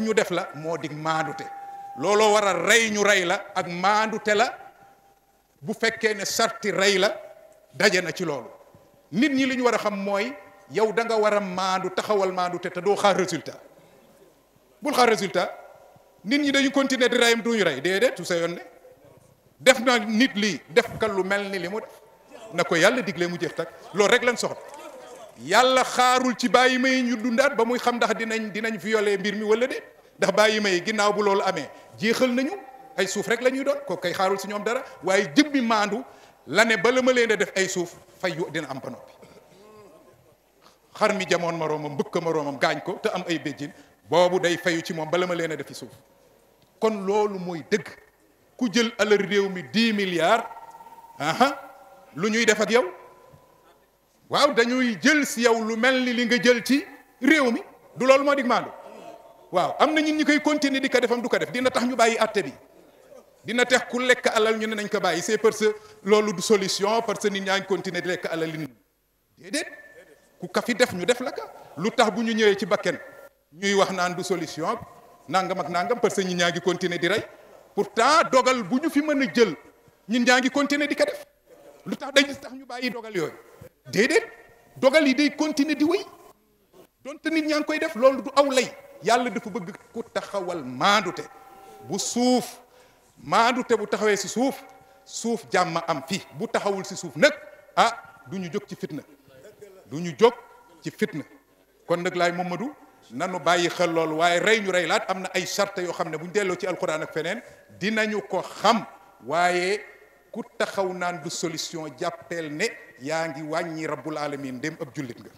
ñu def la moo dig maandute looloo war a rey ñu rey la ak maandute la bu fekkee ne sarti rey la daje na ci loolu nit ñi li ñu war a xam mooy yow da nga war a maandu taxawal maandute te doo xaar résultat bul xaar résultat nit ñi dañu continuer di reyam duñu rey déedéet tout sa yoon ne def na nit lii def ka lu mel ni li mu def na ko yàlla digle mu jeex tak loolu rek lañ soxla yàlla xaarul ci bàyyi ma yi ñu dundaat ba muy xam ndax dinañ dinañ violer mbir mi walla déet ndax bàyyi ma yi ginnaaw bu loolu amee jeexal nañu ay suuf rek la ñuy doon kooku xaarul si ñoom dara waaye jëmmi maandu la ne bala ma leen a def ay suuf fay dina am ba noppi xar mi jamoon moroomam mbëkk moroomam gaañ ko te am ay béjjin boobu day fayu ci moom bala ma leen a defi suuf kon loolu mooy dëgg ku jël alal réew mi dix milliards lu ñuy def ak yow. waaw dañuy jël si yow lu mel ni li nga jël ci réew mi du loolu moo dig maandu waaw am na ñun ñi koy continuer di ko defam du ko def dina tax ñu bàyyi àtte bi dina tax ku lekk alal ñu ne nañ ko bàyyi c'est parce que loolu du solution parce que nit ñaa ngi di lekk alal li déedéet ku ka fi def ñu def la lu tax bu ñu ñëwee ci bakken ñuy wax naan du solution nangam ak nangam parce que ñun ñaa ngi continuer di rey pourtant dogal bu ñu fi mën a jël ñun ñaa continuer di ko lu tax dañu tax ñu bàyyi dogal yooyu. déedéet dogal yi day continuer di wéy donte nit ñaa ngi koy def loolu du aw lay yàlla dafa bëgg ku taxawal maandute bu suuf maandute bu taxawee si suuf suuf jàmm am fi bu taxawul si suuf nag ah du ñu jóg ci fitna du ñu jóg ci fitna kon nag laay Mamadou nanu bàyyi xel loolu waaye rey ñu rey laat am na ay charte yoo xam ne bu ñu delloo ci alxuraan ak feneen dinañu ko xam waaye ku taxaw naan du solution jàppeel ne yaa ngi wàññi rabbul alamin ndem ab jullit nga